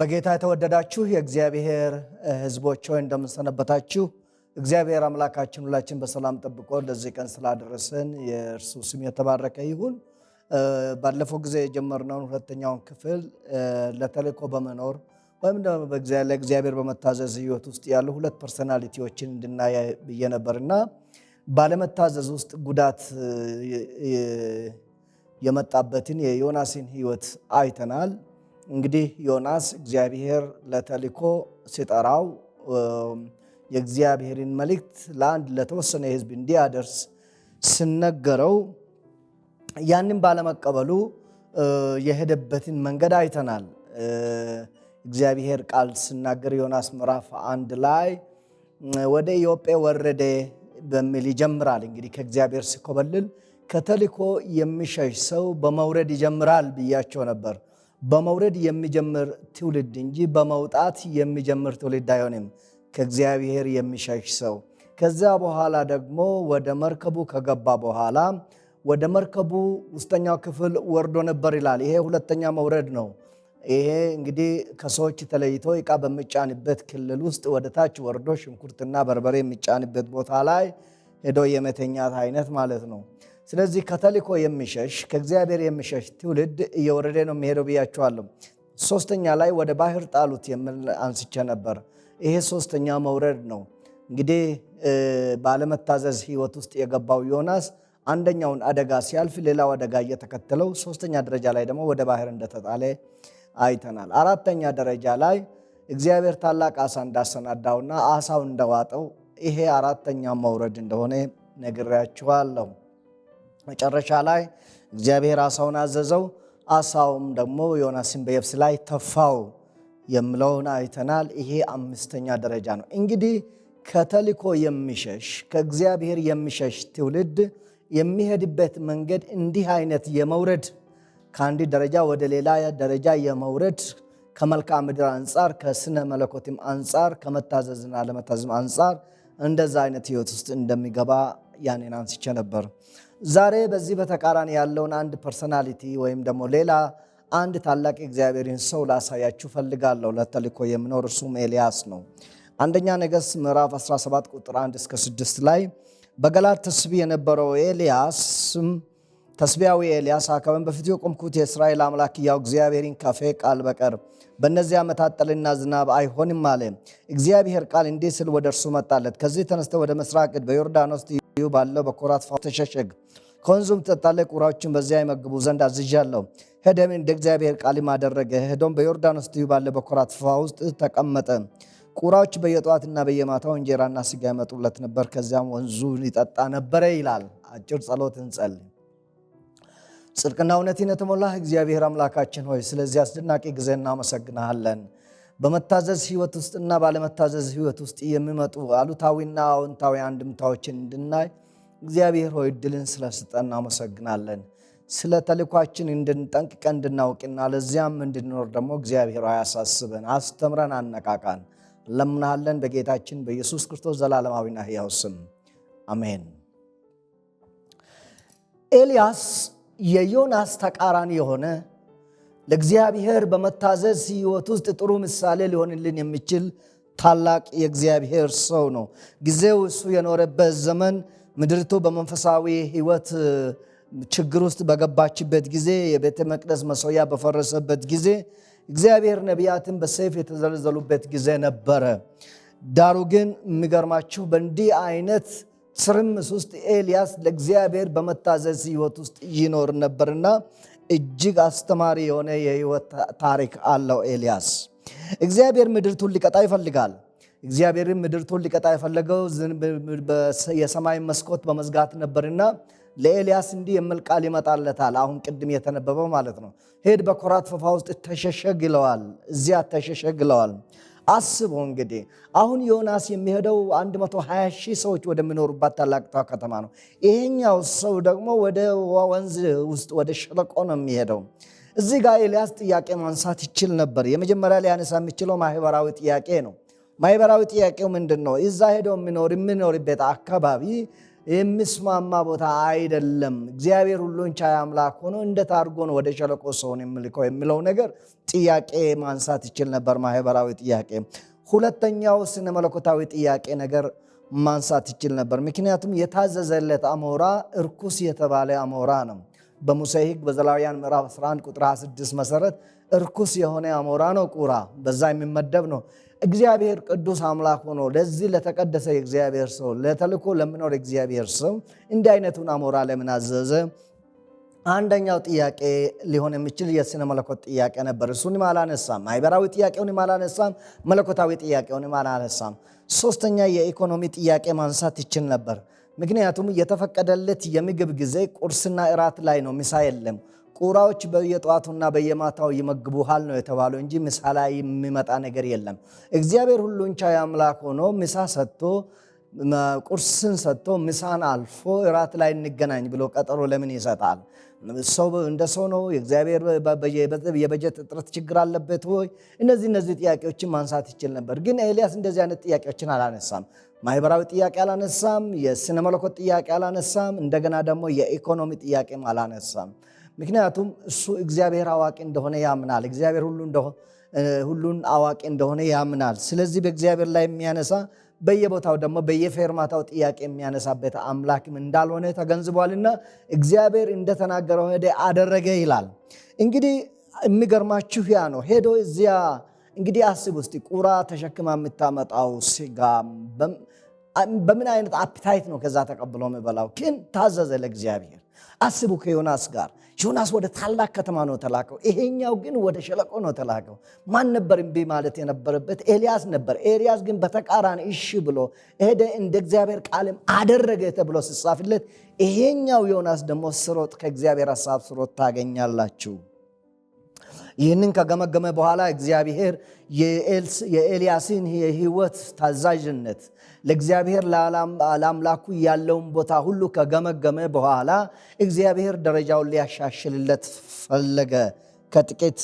በጌታ የተወደዳችሁ የእግዚአብሔር ሕዝቦች ሆይ እንደምንሰነበታችሁ። እግዚአብሔር አምላካችን ሁላችን በሰላም ጠብቆ ለዚህ ቀን ስላደረሰን የእርሱ ስም የተባረከ ይሁን። ባለፈው ጊዜ የጀመርነውን ሁለተኛውን ክፍል ለተልእኮ በመኖር ወይም ለእግዚአብሔር በመታዘዝ ህይወት ውስጥ ያሉ ሁለት ፐርሰናሊቲዎችን እንድናይ ብዬ ነበርና ባለመታዘዝ ውስጥ ጉዳት የመጣበትን የዮናስን ህይወት አይተናል። እንግዲህ ዮናስ እግዚአብሔር ለተልኮ ሲጠራው የእግዚአብሔርን መልእክት ለአንድ ለተወሰነ ህዝብ እንዲያደርስ ስነገረው ያንን ባለመቀበሉ የሄደበትን መንገድ አይተናል። እግዚአብሔር ቃል ስናገር ዮናስ ምዕራፍ አንድ ላይ ወደ ኢዮጴ ወረደ በሚል ይጀምራል። እንግዲህ ከእግዚአብሔር ሲኮበልል ከተልኮ የሚሸሽ ሰው በመውረድ ይጀምራል ብያቸው ነበር። በመውረድ የሚጀምር ትውልድ እንጂ በመውጣት የሚጀምር ትውልድ አይሆንም። ከእግዚአብሔር የሚሸሽ ሰው ከዚያ በኋላ ደግሞ ወደ መርከቡ ከገባ በኋላ ወደ መርከቡ ውስጠኛው ክፍል ወርዶ ነበር ይላል። ይሄ ሁለተኛ መውረድ ነው። ይሄ እንግዲህ ከሰዎች ተለይቶ እቃ በሚጫንበት ክልል ውስጥ ወደ ታች ወርዶ ሽንኩርትና በርበሬ የሚጫንበት ቦታ ላይ ሄዶ የመተኛት አይነት ማለት ነው። ስለዚህ ከተልእኮ የሚሸሽ ከእግዚአብሔር የሚሸሽ ትውልድ እየወረደ ነው የሚሄደው ብያቸዋለሁ። ሶስተኛ ላይ ወደ ባህር ጣሉት የሚል አንስቼ ነበር። ይሄ ሶስተኛ መውረድ ነው። እንግዲህ ባለመታዘዝ ህይወት ውስጥ የገባው ዮናስ አንደኛውን አደጋ ሲያልፍ ሌላው አደጋ እየተከተለው፣ ሶስተኛ ደረጃ ላይ ደግሞ ወደ ባህር እንደተጣለ አይተናል። አራተኛ ደረጃ ላይ እግዚአብሔር ታላቅ አሳ እንዳሰናዳውና አሳው እንደዋጠው ይሄ አራተኛ መውረድ እንደሆነ ነግሬያችኋለሁ። መጨረሻ ላይ እግዚአብሔር አሳውን አዘዘው። አሳውም ደግሞ ዮናስን በየብስ ላይ ተፋው የምለውን አይተናል። ይሄ አምስተኛ ደረጃ ነው። እንግዲህ ከተልኮ የሚሸሽ ከእግዚአብሔር የሚሸሽ ትውልድ የሚሄድበት መንገድ እንዲህ አይነት የመውረድ ከአንድ ደረጃ ወደ ሌላ ደረጃ የመውረድ ከመልክዓ ምድር አንጻር ከስነ መለኮትም አንጻር ከመታዘዝና ለመታዘዝም አንጻር እንደዛ አይነት ህይወት ውስጥ እንደሚገባ ያኔን አንስቼ ነበር። ዛሬ በዚህ በተቃራኒ ያለውን አንድ ፐርሰናሊቲ ወይም ደግሞ ሌላ አንድ ታላቅ እግዚአብሔርን ሰው ላሳያችሁ ፈልጋለሁ። ለተልእኮ የሚኖር እርሱም ኤልያስ ነው። አንደኛ ነገሥት ምዕራፍ 17 ቁጥር 1 እስከ 6 ላይ በገላት ተስቢ የነበረው ኤልያስም ተስቢያዊ ኤልያስ አካብን በፊት የቆምኩት የእስራኤል አምላክ ያው እግዚአብሔርን ከፌ ቃል በቀር በእነዚህ ዓመታት ጠልና ዝናብ አይሆንም አለ። እግዚአብሔር ቃል እንዲህ ስል ወደ እርሱ መጣለት። ከዚህ ተነስተ ወደ ምስራቅ በዮርዳኖስ ትይዩ ባለው በኮራት ፋ ተሸሸግ፣ ከወንዙም ትጠጣለህ፣ ቁራዎችን በዚያ ይመግቡ ዘንድ አዝዣለሁ። ሄደም እንደ እግዚአብሔር ቃልም አደረገ። ሄዶም በዮርዳኖስ ትይዩ ባለው በኮራት ፋ ውስጥ ተቀመጠ። ቁራዎች በየጠዋትና በየማታው እንጀራና ስጋ ይመጡለት ነበር። ከዚያም ወንዙ ይጠጣ ነበረ ይላል። አጭር ጸሎት እንጸልይ። ጽድቅና እውነትን የተሞላህ እግዚአብሔር አምላካችን ሆይ ስለዚህ አስደናቂ ጊዜ እናመሰግናሃለን። በመታዘዝ ህይወት ውስጥና ባለመታዘዝ ህይወት ውስጥ የሚመጡ አሉታዊና አዎንታዊ አንድምታዎችን እንድናይ እግዚአብሔር ሆይ እድልን ስለስጠ እናመሰግናለን። ስለ ተልኳችን እንድንጠንቅቀ እንድናውቅና ለዚያም እንድንኖር ደግሞ እግዚአብሔር አያሳስበን፣ አስተምረን፣ አነቃቃን። እንለምናሃለን በጌታችን በኢየሱስ ክርስቶስ ዘላለማዊና ህያው ስም አሜን። ኤልያስ የዮናስ ተቃራኒ የሆነ ለእግዚአብሔር በመታዘዝ ሕይወት ውስጥ ጥሩ ምሳሌ ሊሆንልን የሚችል ታላቅ የእግዚአብሔር ሰው ነው። ጊዜው እሱ የኖረበት ዘመን ምድርቱ በመንፈሳዊ ሕይወት ችግር ውስጥ በገባችበት ጊዜ፣ የቤተ መቅደስ መሠዊያ በፈረሰበት ጊዜ፣ እግዚአብሔር ነቢያትን በሰይፍ የተዘለዘሉበት ጊዜ ነበረ። ዳሩ ግን የሚገርማችሁ በእንዲህ አይነት ትርምስ ውስጥ ኤልያስ ለእግዚአብሔር በመታዘዝ ሕይወት ውስጥ ይኖር ነበርና እጅግ አስተማሪ የሆነ የሕይወት ታሪክ አለው ኤልያስ። እግዚአብሔር ምድርቱን ሊቀጣ ይፈልጋል። እግዚአብሔርን ምድርቱን ሊቀጣ የፈለገው የሰማይ መስኮት በመዝጋት ነበርና ለኤልያስ እንዲህ የሚል ቃል ይመጣለታል። አሁን ቅድም የተነበበው ማለት ነው። ሂድ በኮራት ፈፋ ውስጥ ተሸሸግ ይለዋል። እዚያ ተሸሸግ ይለዋል። አስቡ እንግዲህ አሁን ዮናስ የሚሄደው 120 ሺህ ሰዎች ወደሚኖሩባት ታላቅቷ ከተማ ነው። ይሄኛው ሰው ደግሞ ወደ ወንዝ ውስጥ ወደ ሸለቆ ነው የሚሄደው። እዚህ ጋር ኤልያስ ጥያቄ ማንሳት ይችል ነበር። የመጀመሪያ ሊያነሳ የሚችለው ማህበራዊ ጥያቄ ነው። ማህበራዊ ጥያቄው ምንድን ነው? እዛ ሄደው የሚኖር የሚኖርበት አካባቢ የሚስማማ ቦታ አይደለም። እግዚአብሔር ሁሉን ቻይ አምላክ ሆኖ እንዴት አድርጎ ነው ወደ ሸለቆ ሰውን የምልከው የሚለው ነገር ጥያቄ ማንሳት ይችል ነበር፣ ማህበራዊ ጥያቄ። ሁለተኛው ስነ መለኮታዊ ጥያቄ ነገር ማንሳት ይችል ነበር። ምክንያቱም የታዘዘለት አሞራ እርኩስ የተባለ አሞራ ነው። በሙሴ ሕግ በዘላውያን ምዕራፍ 11 ቁጥር 26 መሰረት እርኩስ የሆነ አሞራ ነው። ቁራ በዛ የሚመደብ ነው። እግዚአብሔር ቅዱስ አምላክ ሆኖ ለዚህ ለተቀደሰ የእግዚአብሔር ሰው ለተልኮ ለምኖር እግዚአብሔር ሰው እንዲህ አይነቱን አሞራ ለምን አዘዘ? አንደኛው ጥያቄ ሊሆን የሚችል የስነ መለኮት ጥያቄ ነበር። እሱንም አላነሳም። ማህበራዊ ጥያቄውንም አላነሳም። መለኮታዊ ጥያቄውንም አላነሳም። ሶስተኛ የኢኮኖሚ ጥያቄ ማንሳት ይችል ነበር። ምክንያቱም የተፈቀደለት የምግብ ጊዜ ቁርስና እራት ላይ ነው፣ ምሳ የለም። ቁራዎች በየጠዋቱና በየማታው ይመግቡሃል ነው የተባለው እንጂ ምሳ ላይ የሚመጣ ነገር የለም። እግዚአብሔር ሁሉን ቻይ አምላክ ሆኖ ምሳ ሰጥቶ ቁርስን ሰጥቶ ምሳን አልፎ እራት ላይ እንገናኝ ብሎ ቀጠሮ ለምን ይሰጣል? ሰው እንደ ሰው ነው። የእግዚአብሔር የበጀት እጥረት ችግር አለበት ወይ? እነዚህ እነዚህ ጥያቄዎችን ማንሳት ይችል ነበር። ግን ኤልያስ እንደዚህ አይነት ጥያቄዎችን አላነሳም። ማህበራዊ ጥያቄ አላነሳም። የስነ መለኮት ጥያቄ አላነሳም። እንደገና ደግሞ የኢኮኖሚ ጥያቄም አላነሳም። ምክንያቱም እሱ እግዚአብሔር አዋቂ እንደሆነ ያምናል። እግዚአብሔር ሁሉን አዋቂ እንደሆነ ያምናል። ስለዚህ በእግዚአብሔር ላይ የሚያነሳ በየቦታው ደግሞ በየፌርማታው ጥያቄ የሚያነሳበት አምላክም እንዳልሆነ ተገንዝቧልና እግዚአብሔር እንደተናገረው ሄደ አደረገ ይላል። እንግዲህ የሚገርማችሁ ያ ነው። ሄዶ እዚያ እንግዲህ አስብ ውስጥ ቁራ ተሸክማ የምታመጣው ስጋ በምን አይነት አፕታይት ነው ከዛ ተቀብሎ የሚበላው? ግን ታዘዘ ለእግዚአብሔር። አስቡ ከዮናስ ጋር ጆናስ ወደ ታላቅ ከተማ ነው ተላከው። ይሄኛው ግን ወደ ሸለቆ ነው ተላከው። ማን ነበር እምቢ ማለት የነበረበት? ኤልያስ ነበር። ኤልያስ ግን በተቃራኒ እሺ ብሎ ሄደ፣ እንደ እግዚአብሔር ቃልም አደረገ ተብሎ ሲጻፍለት፣ ይሄኛው ዮናስ ደግሞ ስሮጥ ከእግዚአብሔር ሀሳብ ስሮጥ ታገኛላችሁ። ይህንን ከገመገመ በኋላ እግዚአብሔር የኤልያስን የህይወት ታዛዥነት ለእግዚአብሔር ለአምላኩ ያለውን ቦታ ሁሉ ከገመገመ በኋላ እግዚአብሔር ደረጃውን ሊያሻሽልለት ፈለገ። ከጥቂት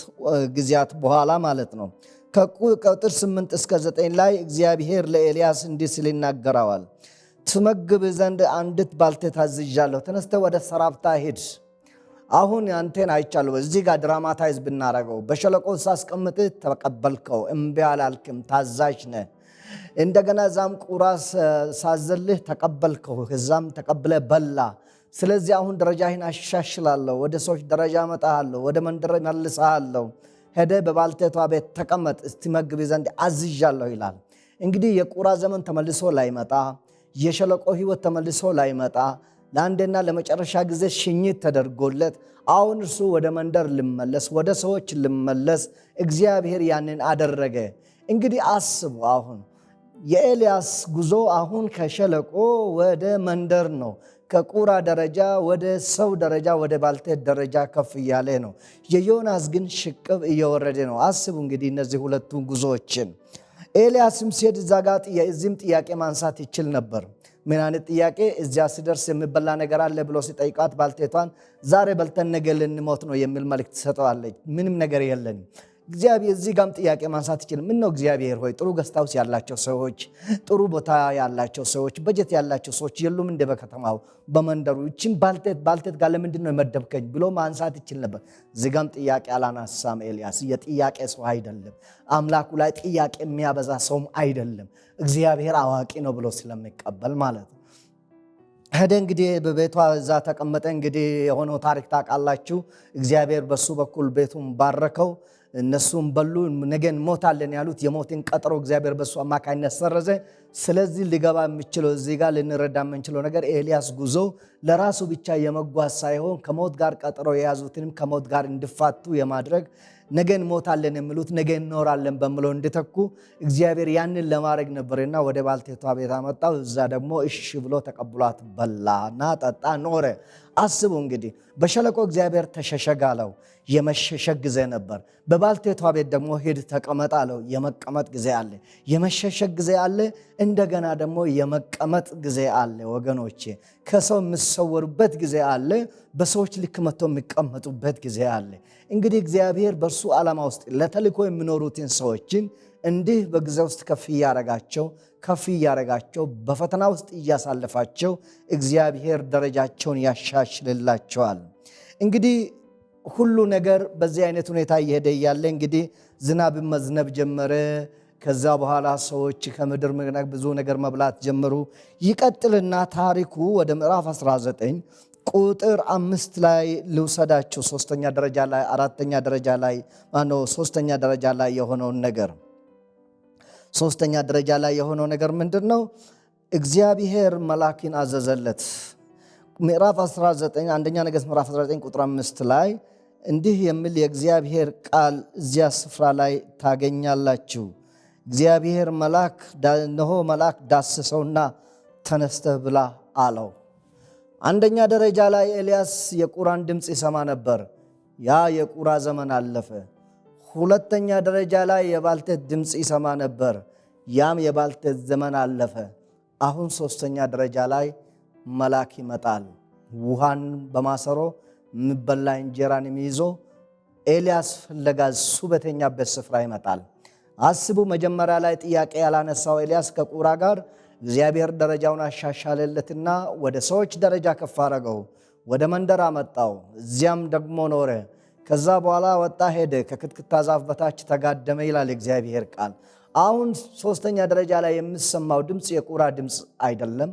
ጊዜያት በኋላ ማለት ነው። ከቁጥር 8 እስከ 9 ላይ እግዚአብሔር ለኤልያስ እንዲህ ሲል ይናገረዋል። ትመግብ ዘንድ አንዲት ባልቴት አዝዣለሁ። ተነስተ ወደ ሰራፕታ ሂድ አሁን አንቴን አይቻለሁ። እዚህ ጋር ድራማታይዝ ብናረገው በሸለቆ ሳስቀምጥህ ተቀበልከው፣ እምቢ አላልክም፣ ታዛዥ ነህ። እንደገና እዛም ቁራ ሳዘልህ ተቀበልከው፣ እዛም ተቀብለ በላ። ስለዚህ አሁን ደረጃህን አሻሽላለሁ፣ ወደ ሰዎች ደረጃ መጣሃለሁ፣ ወደ መንደር መልሰሃለሁ። ሄደ በባልቴቷ ቤት ተቀመጥ እስቲ መግብ ዘንድ አዝዣለሁ ይላል። እንግዲህ የቁራ ዘመን ተመልሶ ላይመጣ፣ የሸለቆ ህይወት ተመልሶ ላይመጣ ለአንድና ለመጨረሻ ጊዜ ሽኝት ተደርጎለት አሁን እርሱ ወደ መንደር ልመለስ፣ ወደ ሰዎች ልመለስ፣ እግዚአብሔር ያንን አደረገ። እንግዲህ አስቡ አሁን የኤልያስ ጉዞ አሁን ከሸለቆ ወደ መንደር ነው። ከቁራ ደረጃ ወደ ሰው ደረጃ ወደ ባልቴት ደረጃ ከፍ እያለ ነው። የዮናስ ግን ሽቅብ እየወረደ ነው። አስቡ እንግዲህ እነዚህ ሁለቱ ጉዞዎችን ኤልያስም ሲሄድ እዛ ጋር እዚህም ጥያቄ ማንሳት ይችል ነበር። ምን አይነት ጥያቄ? እዚያ ሲደርስ የሚበላ ነገር አለ ብሎ ሲጠይቃት ባልቴቷን ዛሬ በልተን ነገ ልንሞት ነው የሚል መልእክት ትሰጠዋለች። ምንም ነገር የለንም እግዚአብሔር እዚህ ጋም ጥያቄ ማንሳት ይችል። ምን ነው እግዚአብሔር ሆይ ጥሩ ገስታውስ ያላቸው ሰዎች፣ ጥሩ ቦታ ያላቸው ሰዎች፣ በጀት ያላቸው ሰዎች የሉም እንደ በከተማው በመንደሩ ይችን ባልቴት ባልቴት ጋር ለምንድን ነው የመደብከኝ ብሎ ማንሳት ይችል ነበር። እዚህ ጋም ጥያቄ አላናሳም። ኤልያስ የጥያቄ ሰው አይደለም። አምላኩ ላይ ጥያቄ የሚያበዛ ሰውም አይደለም። እግዚአብሔር አዋቂ ነው ብሎ ስለሚቀበል ማለት ነው። ሄደ እንግዲህ በቤቷ እዛ ተቀመጠ። እንግዲህ የሆነው ታሪክ ታውቃላችሁ። እግዚአብሔር በሱ በኩል ቤቱን ባረከው። እነሱም በሉ፣ ነገ እንሞታለን ያሉት የሞትን ቀጠሮ እግዚአብሔር በሱ አማካኝነት ሰረዘ። ስለዚህ ሊገባ የምችለው እዚህ ጋር ልንረዳ የምንችለው ነገር ኤልያስ ጉዞ ለራሱ ብቻ የመጓዝ ሳይሆን ከሞት ጋር ቀጠሮ የያዙትንም ከሞት ጋር እንዲፋቱ የማድረግ ነገ እንሞታለን የሚሉት ነገ እንኖራለን በምለው እንዲተኩ እግዚአብሔር ያንን ለማድረግ ነበርና ወደ ባልቴቷ ቤት አመጣው። እዛ ደግሞ እሺ ብሎ ተቀብሏት በላና ጠጣ ኖረ። አስቡ እንግዲህ በሸለቆ እግዚአብሔር ተሸሸግ አለው፣ የመሸሸግ ጊዜ ነበር። በባልቴቷ ቤት ደግሞ ሂድ ተቀመጥ አለው፣ የመቀመጥ ጊዜ አለ፣ የመሸሸግ ጊዜ አለ፣ እንደገና ደግሞ የመቀመጥ ጊዜ አለ። ወገኖቼ ከሰው የምሰወሩበት ጊዜ አለ፣ በሰዎች ልክ መጥቶ የሚቀመጡበት ጊዜ አለ። እንግዲህ እግዚአብሔር በእርሱ ዓላማ ውስጥ ለተልእኮ የሚኖሩትን ሰዎችን እንዲህ በጊዜ ውስጥ ከፍ እያረጋቸው ከፍ እያደረጋቸው በፈተና ውስጥ እያሳለፋቸው እግዚአብሔር ደረጃቸውን ያሻሽልላቸዋል። እንግዲህ ሁሉ ነገር በዚህ አይነት ሁኔታ እየሄደ እያለ እንግዲህ ዝናብ መዝነብ ጀመረ። ከዛ በኋላ ሰዎች ከምድር ብዙ ነገር መብላት ጀመሩ። ይቀጥልና ታሪኩ ወደ ምዕራፍ 19 ቁጥር አምስት ላይ ልውሰዳችሁ። ሶስተኛ ደረጃ ላይ አራተኛ ደረጃ ላይ ሶስተኛ ደረጃ ላይ የሆነውን ነገር ሶስተኛ ደረጃ ላይ የሆነው ነገር ምንድን ነው? እግዚአብሔር መላኪን አዘዘለት። ምዕራፍ 19 አንደኛ ነገሥት ምዕራፍ 19 ቁጥር 5 ላይ እንዲህ የሚል የእግዚአብሔር ቃል እዚያ ስፍራ ላይ ታገኛላችሁ። እግዚአብሔር መልአክ ነሆ መልአክ ዳስሰውና ተነስተህ ብላ አለው። አንደኛ ደረጃ ላይ ኤልያስ የቁራን ድምፅ ይሰማ ነበር። ያ የቁራ ዘመን አለፈ። ሁለተኛ ደረጃ ላይ የባልቴት ድምፅ ይሰማ ነበር። ያም የባልቴት ዘመን አለፈ። አሁን ሶስተኛ ደረጃ ላይ መልአክ ይመጣል። ውሃን በማሰሮ የሚበላ እንጀራን የሚይዞ ኤልያስ ፍለጋ እሱ በተኛበት ስፍራ ይመጣል። አስቡ፣ መጀመሪያ ላይ ጥያቄ ያላነሳው ኤልያስ ከቁራ ጋር እግዚአብሔር ደረጃውን አሻሻለለትና ወደ ሰዎች ደረጃ ከፍ አረገው፣ ወደ መንደር አመጣው። እዚያም ደግሞ ኖረ። ከዛ በኋላ ወጣ ሄደ፣ ከክትክታ ዛፍ በታች ተጋደመ ይላል እግዚአብሔር ቃል። አሁን ሶስተኛ ደረጃ ላይ የምሰማው ድምፅ የቁራ ድምፅ አይደለም፣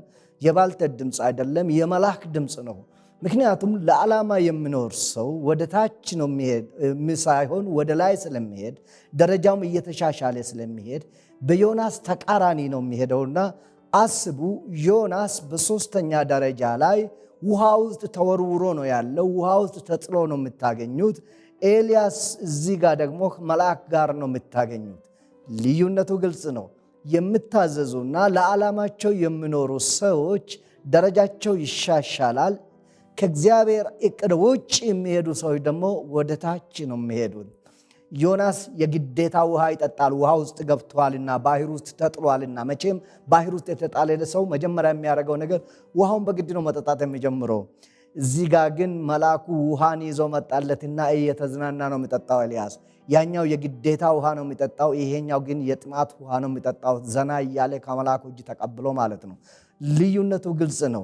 የባልቴት ድምፅ አይደለም፣ የመላክ ድምፅ ነው። ምክንያቱም ለዓላማ የሚኖር ሰው ወደ ታች ነው ሳይሆን ወደ ላይ ስለሚሄድ ደረጃውም እየተሻሻለ ስለሚሄድ በዮናስ ተቃራኒ ነው የሚሄደውና አስቡ ዮናስ በሶስተኛ ደረጃ ላይ ውሃ ውስጥ ተወርውሮ ነው ያለው። ውሃ ውስጥ ተጥሎ ነው የምታገኙት። ኤልያስ እዚህ ጋር ደግሞ መልአክ ጋር ነው የምታገኙት። ልዩነቱ ግልጽ ነው። የምታዘዙና ለዓላማቸው የሚኖሩ ሰዎች ደረጃቸው ይሻሻላል። ከእግዚአብሔር እቅድ ውጭ የሚሄዱ ሰዎች ደግሞ ወደ ታች ነው የሚሄዱት። ዮናስ የግዴታ ውሃ ይጠጣል። ውሃ ውስጥ ገብቷልና ባህር ውስጥ ተጥሏልና። መቼም ባህር ውስጥ የተጣለ ሰው መጀመሪያ የሚያደርገው ነገር ውሃውን በግድ ነው መጠጣት የሚጀምረው። እዚህ ጋ ግን መልአኩ ውሃን ይዞ መጣለትና እየተዝናና ነው የሚጠጣው ኤልያስ። ያኛው የግዴታ ውሃ ነው የሚጠጣው፣ ይሄኛው ግን የጥማት ውሃ ነው የሚጠጣው። ዘና እያለ ከመልአኩ እጅ ተቀብሎ ማለት ነው። ልዩነቱ ግልጽ ነው።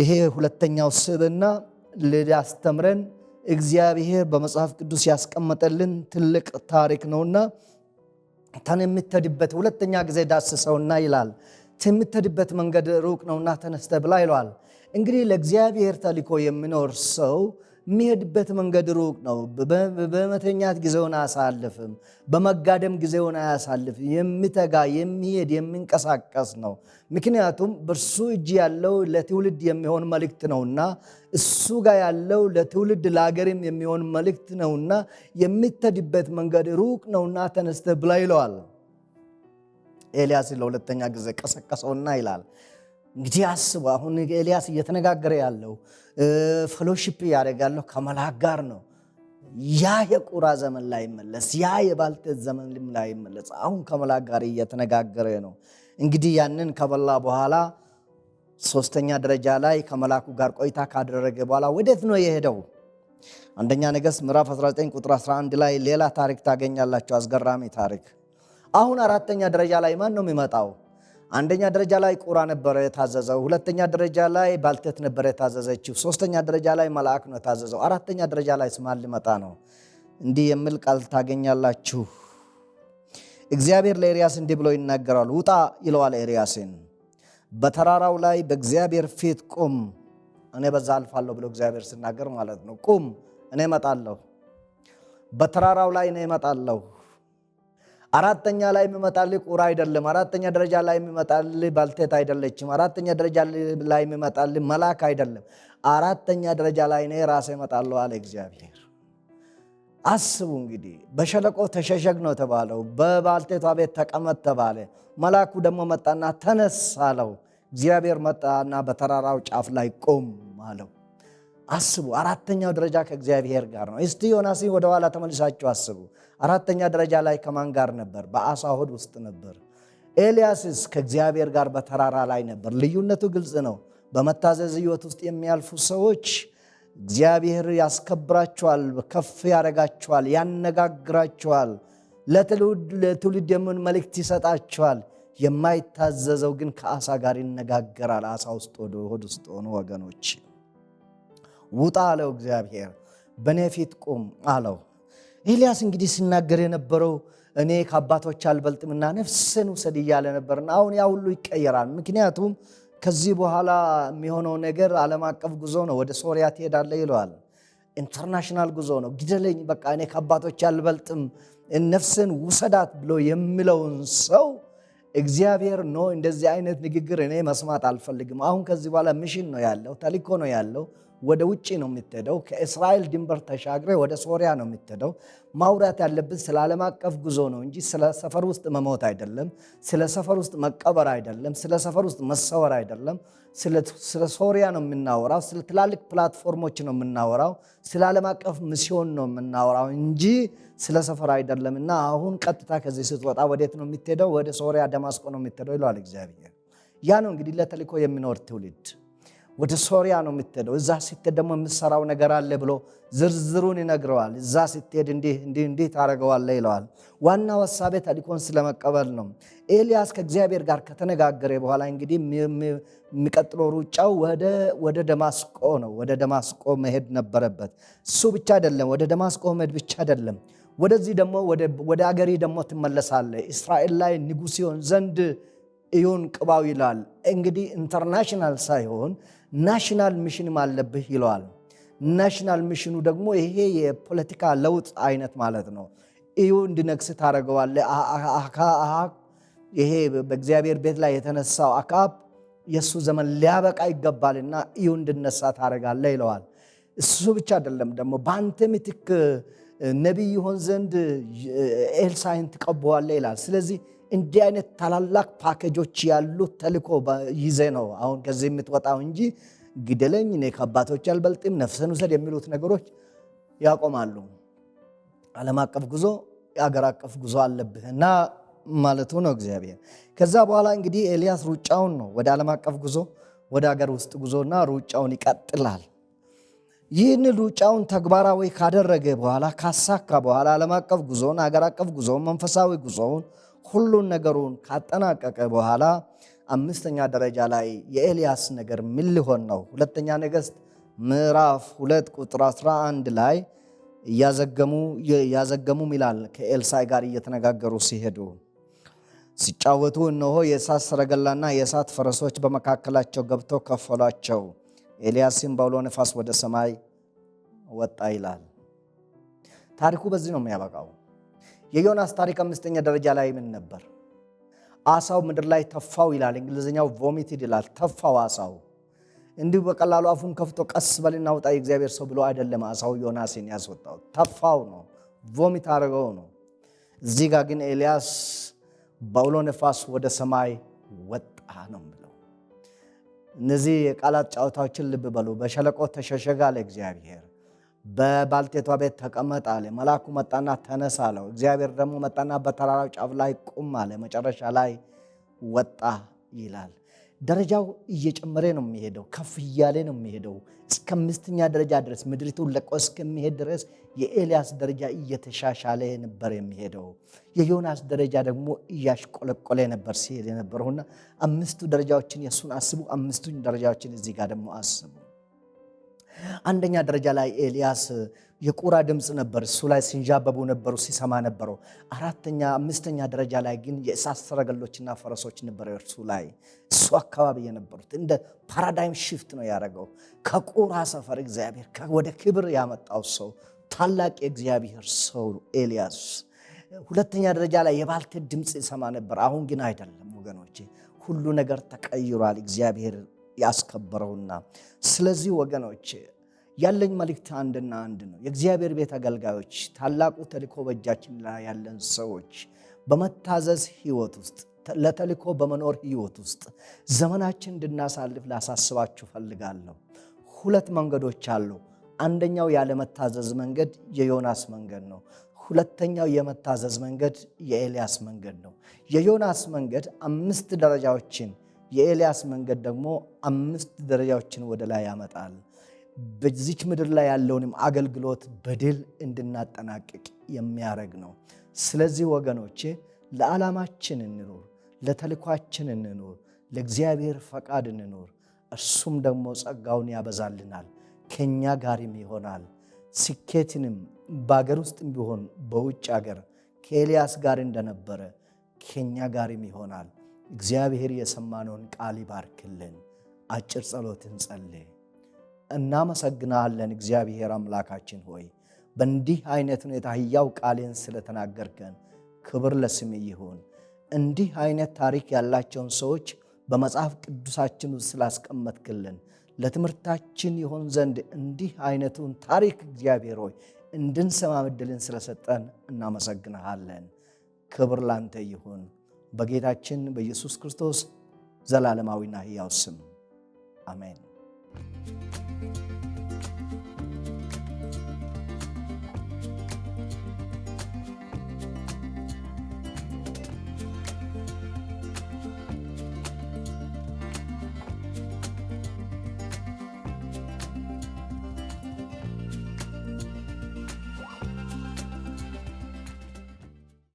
ይሄ ሁለተኛው ስብና ሊያስተምረን እግዚአብሔር በመጽሐፍ ቅዱስ ያስቀመጠልን ትልቅ ታሪክ ነውና ተምተድበት ሁለተኛ ጊዜ ዳስሰውና ይላል የምትሄድበት መንገድ ሩቅ ነውና ተነስተ ብላ ይለዋል። እንግዲህ ለእግዚአብሔር ተልኮ የሚኖር ሰው የሚሄድበት መንገድ ሩቅ ነው። በመተኛት ጊዜውን አያሳልፍም፣ በመጋደም ጊዜውን አያሳልፍ የሚተጋ የሚሄድ የሚንቀሳቀስ ነው። ምክንያቱም በእርሱ እጅ ያለው ለትውልድ የሚሆን መልእክት ነውና እሱ ጋር ያለው ለትውልድ ለሀገርም የሚሆን መልእክት ነውና የሚተድበት መንገድ ሩቅ ነውና ተነስተ ብላ ይለዋል። ኤልያስ ለሁለተኛ ጊዜ ቀሰቀሰውና ይላል እንግዲህ አስቡ። አሁን ኤልያስ እየተነጋገረ ያለው ፌሎሺፕ ያደርጋለሁ ከመልአክ ጋር ነው። ያ የቁራ ዘመን ላይ መለስ፣ ያ የባልቴት ዘመን ላይ መለስ። አሁን ከመልአክ ጋር እየተነጋገረ ነው። እንግዲህ ያንን ከበላ በኋላ ሶስተኛ ደረጃ ላይ ከመላኩ ጋር ቆይታ ካደረገ በኋላ ወዴት ነው የሄደው? አንደኛ ነገሥት ምዕራፍ 19 ቁጥር 11 ላይ ሌላ ታሪክ ታገኛላቸው፣ አስገራሚ ታሪክ። አሁን አራተኛ ደረጃ ላይ ማን ነው የሚመጣው? አንደኛ ደረጃ ላይ ቁራ ነበረ የታዘዘው። ሁለተኛ ደረጃ ላይ ባልቴት ነበረ የታዘዘችው። ሶስተኛ ደረጃ ላይ መልአክ ነው የታዘዘው። አራተኛ ደረጃ ላይ ስማን ሊመጣ ነው። እንዲህ የሚል ቃል ታገኛላችሁ። እግዚአብሔር ለኤርያስ እንዲህ ብሎ ይናገራል። ውጣ ይለዋል ኤርያስን። በተራራው ላይ በእግዚአብሔር ፊት ቁም። እኔ በዛ አልፋለሁ ብሎ እግዚአብሔር ሲናገር ማለት ነው። ቁም፣ እኔ እመጣለሁ። በተራራው ላይ እኔ እመጣለሁ አራተኛ ላይ የሚመጣል ቁራ አይደለም። አራተኛ ደረጃ ላይ የሚመጣል ባልቴት አይደለችም። አራተኛ ደረጃ ላይ የሚመጣል መልአክ አይደለም። አራተኛ ደረጃ ላይ እኔ ራሴ እመጣለሁ አለ እግዚአብሔር። አስቡ እንግዲህ በሸለቆ ተሸሸግ ነው ተባለው፣ በባልቴቷ ቤት ተቀመጥ ተባለ። መልአኩ ደግሞ መጣና ተነስ አለው። እግዚአብሔር መጣና በተራራው ጫፍ ላይ ቆም አለው። አስቡ። አራተኛው ደረጃ ከእግዚአብሔር ጋር ነው። እስቲ ዮናስ ወደኋላ ተመልሳችሁ አስቡ። አራተኛ ደረጃ ላይ ከማን ጋር ነበር? በአሳ ሆድ ውስጥ ነበር። ኤልያስስ ከእግዚአብሔር ጋር በተራራ ላይ ነበር። ልዩነቱ ግልጽ ነው። በመታዘዝ ህይወት ውስጥ የሚያልፉ ሰዎች እግዚአብሔር ያስከብራቸዋል፣ ከፍ ያደርጋቸዋል፣ ያነጋግራቸዋል፣ ለትውልድ የምን መልእክት ይሰጣቸዋል። የማይታዘዘው ግን ከአሳ ጋር ይነጋገራል። አሳ ውስጥ ሆድ ውስጥ ሆኑ ወገኖች ውጣ አለው እግዚአብሔር። በእኔ ፊት ቁም አለው። ኤልያስ እንግዲህ ሲናገር የነበረው እኔ ከአባቶች አልበልጥምና ነፍስን ውሰድ እያለ ነበርና አሁን ያ ሁሉ ይቀየራል። ምክንያቱም ከዚህ በኋላ የሚሆነው ነገር ዓለም አቀፍ ጉዞ ነው። ወደ ሶሪያ ትሄዳለ ይለዋል። ኢንተርናሽናል ጉዞ ነው። ግደለኝ፣ በቃ እኔ ከአባቶች አልበልጥም፣ ነፍስን ውሰዳት ብሎ የሚለውን ሰው እግዚአብሔር ነው። እንደዚህ አይነት ንግግር እኔ መስማት አልፈልግም። አሁን ከዚህ በኋላ ሚሽን ነው ያለው፣ ተልእኮ ነው ያለው ወደ ውጭ ነው የምትሄደው። ከእስራኤል ድንበር ተሻግረ ወደ ሶሪያ ነው የምትሄደው። ማውራት ያለብን ስለ ዓለም አቀፍ ጉዞ ነው እንጂ ስለ ሰፈር ውስጥ መሞት አይደለም። ስለ ሰፈር ውስጥ መቀበር አይደለም። ስለ ሰፈር ውስጥ መሰወር አይደለም። ስለ ሶሪያ ነው የምናወራው። ስለ ትላልቅ ፕላትፎርሞች ነው የምናወራው። ስለ ዓለም አቀፍ ሚስዮን ነው የምናወራው እንጂ ስለ ሰፈር አይደለም። እና አሁን ቀጥታ ከዚህ ስትወጣ ወዴት ነው የምትሄደው? ወደ ሶሪያ ደማስቆ ነው የምትሄደው ይለዋል እግዚአብሔር። ያ ነው እንግዲህ ለተልእኮ የሚኖር ትውልድ ወደ ሶሪያ ነው የምትሄደው፣ እዛ ስትሄድ ደግሞ የምትሰራው ነገር አለ ብሎ ዝርዝሩን ይነግረዋል። እዛ ስትሄድ እንዲህ እንዲህ እንዲህ ታደርገዋለህ ይለዋል። ዋናው ሀሳቤ ተልእኮን ስለመቀበል ነው። ኤልያስ ከእግዚአብሔር ጋር ከተነጋገረ በኋላ እንግዲህ የሚቀጥለው ሩጫው ወደ ደማስቆ ነው። ወደ ደማስቆ መሄድ ነበረበት። እሱ ብቻ አይደለም፣ ወደ ደማስቆ መሄድ ብቻ አይደለም። ወደዚህ ደግሞ ወደ አገሪ ደግሞ ትመለሳለህ፣ እስራኤል ላይ ንጉሥ ይሆን ዘንድ እዩን ቅባው ይለዋል። እንግዲህ ኢንተርናሽናል ሳይሆን ናሽናል ሚሽንም አለብህ ይለዋል። ናሽናል ሚሽኑ ደግሞ ይሄ የፖለቲካ ለውጥ አይነት ማለት ነው። እዩ እንዲነግስ ታደርገዋለህ። ይሄ በእግዚአብሔር ቤት ላይ የተነሳው አካብ የእሱ ዘመን ሊያበቃ ይገባልና እዩ እንድነሳ ታደርጋለህ ይለዋል። እሱ ብቻ አይደለም ደግሞ በአንተ ምትክ ነቢይ ይሆን ዘንድ ኤልሳይን ትቀበዋለህ ይላል። ስለዚህ እንዲህ አይነት ታላላቅ ፓኬጆች ያሉ ተልኮ ይዘ ነው አሁን ከዚህ የምትወጣው እንጂ ግደለኝ፣ እኔ ከአባቶች አልበልጥም፣ ነፍሰን ውሰድ የሚሉት ነገሮች ያቆማሉ። ዓለም አቀፍ ጉዞ፣ የአገር አቀፍ ጉዞ አለብህ እና ማለቱ ነው እግዚአብሔር። ከዛ በኋላ እንግዲህ ኤልያስ ሩጫውን ነው ወደ ዓለም አቀፍ ጉዞ ወደ አገር ውስጥ ጉዞና ሩጫውን ይቀጥላል። ይህን ሩጫውን ተግባራዊ ካደረገ በኋላ ካሳካ በኋላ ዓለም አቀፍ ጉዞውን፣ አገር አቀፍ ጉዞውን፣ መንፈሳዊ ጉዞውን ሁሉን ነገሩን ካጠናቀቀ በኋላ አምስተኛ ደረጃ ላይ የኤልያስ ነገር ምን ሊሆን ነው? ሁለተኛ ነገሥት ምዕራፍ ሁለት ቁጥር 11 ላይ እያዘገሙም ይላል ከኤልሳይ ጋር እየተነጋገሩ ሲሄዱ ሲጫወቱ እነሆ የእሳት ሰረገላና የእሳት ፈረሶች በመካከላቸው ገብተው ከፈሏቸው። ኤልያስም በአውሎ ነፋስ ወደ ሰማይ ወጣ ይላል። ታሪኩ በዚህ ነው የሚያበቃው። የዮናስ ታሪክ አምስተኛ ደረጃ ላይ ምን ነበር? አሳው ምድር ላይ ተፋው ይላል። እንግሊዝኛው ቮሚትድ ይላል። ተፋው አሳው እንዲሁ በቀላሉ አፉን ከፍቶ ቀስ በልና ውጣ የእግዚአብሔር ሰው ብሎ አይደለም። አሳው ዮናስን ያስወጣው ተፋው ነው፣ ቮሚት አድርገው ነው። እዚህ ጋር ግን ኤልያስ በአውሎ ነፋስ ወደ ሰማይ ወጣ ነው ብለው። እነዚህ የቃላት ጨዋታዎችን ልብ በሉ። በሸለቆ ተሸሸጋ ለእግዚአብሔር በባልቴቷ ቤት ተቀመጥ አለ። መልአኩ መጣና ተነሳ አለው። እግዚአብሔር ደግሞ መጣና በተራራው ጫፍ ላይ ቁም አለ። መጨረሻ ላይ ወጣ ይላል። ደረጃው እየጨመረ ነው የሚሄደው፣ ከፍ እያለ ነው የሚሄደው። እስከ አምስተኛ ደረጃ ድረስ ምድሪቱን ለቆ እስከሚሄድ ድረስ የኤልያስ ደረጃ እየተሻሻለ ነበር የሚሄደው። የዮናስ ደረጃ ደግሞ እያሽቆለቆለ ነበር ሲሄድ የነበረውና አምስቱ ደረጃዎችን የእሱን አስቡ፣ አምስቱ ደረጃዎችን እዚህ ጋር ደግሞ አስቡ። አንደኛ ደረጃ ላይ ኤልያስ የቁራ ድምፅ ነበር፣ እሱ ላይ ሲንዣበቡ ነበሩ፣ ሲሰማ ነበረው። አራተኛ አምስተኛ ደረጃ ላይ ግን የእሳት ሰረገሎችና ፈረሶች ነበረ እርሱ ላይ እሱ አካባቢ የነበሩት እንደ ፓራዳይም ሽፍት ነው ያደረገው። ከቁራ ሰፈር እግዚአብሔር ወደ ክብር ያመጣው ሰው ታላቅ የእግዚአብሔር ሰው ኤልያስ። ሁለተኛ ደረጃ ላይ የባልቴት ድምፅ ይሰማ ነበር። አሁን ግን አይደለም ወገኖቼ፣ ሁሉ ነገር ተቀይሯል። እግዚአብሔር ያስከበረውና። ስለዚህ ወገኖች ያለኝ መልእክት አንድና አንድ ነው። የእግዚአብሔር ቤት አገልጋዮች፣ ታላቁ ተልእኮ በእጃችን ላይ ያለን ሰዎች በመታዘዝ ህይወት ውስጥ ለተልእኮ በመኖር ህይወት ውስጥ ዘመናችን እንድናሳልፍ ላሳስባችሁ ፈልጋለሁ። ሁለት መንገዶች አሉ። አንደኛው ያለመታዘዝ መንገድ የዮናስ መንገድ ነው። ሁለተኛው የመታዘዝ መንገድ የኤልያስ መንገድ ነው። የዮናስ መንገድ አምስት ደረጃዎችን የኤልያስ መንገድ ደግሞ አምስት ደረጃዎችን ወደ ላይ ያመጣል። በዚች ምድር ላይ ያለውንም አገልግሎት በድል እንድናጠናቅቅ የሚያደርግ ነው። ስለዚህ ወገኖቼ ለዓላማችን እንኑር፣ ለተልኳችን እንኑር፣ ለእግዚአብሔር ፈቃድ እንኑር። እርሱም ደግሞ ጸጋውን ያበዛልናል፣ ከእኛ ጋርም ይሆናል። ስኬትንም በአገር ውስጥም ቢሆን በውጭ አገር ከኤልያስ ጋር እንደነበረ ከእኛ ጋርም ይሆናል። እግዚአብሔር የሰማነውን ቃል ይባርክልን። አጭር ጸሎት እንጸልይ። እናመሰግናለን እግዚአብሔር አምላካችን ሆይ በእንዲህ አይነት ሁኔታ ሕያው ቃልን ስለተናገርከን ክብር ለስም ይሁን። እንዲህ አይነት ታሪክ ያላቸውን ሰዎች በመጽሐፍ ቅዱሳችን ውስጥ ስላስቀመጥክልን ለትምህርታችን ይሆን ዘንድ እንዲህ አይነቱን ታሪክ እግዚአብሔር ሆይ እንድንሰማ ምድልን ስለሰጠን እናመሰግንሃለን። ክብር ላንተ ይሁን። በጌታችን በኢየሱስ ክርስቶስ ዘላለማዊና ሕያው ስም አሜን።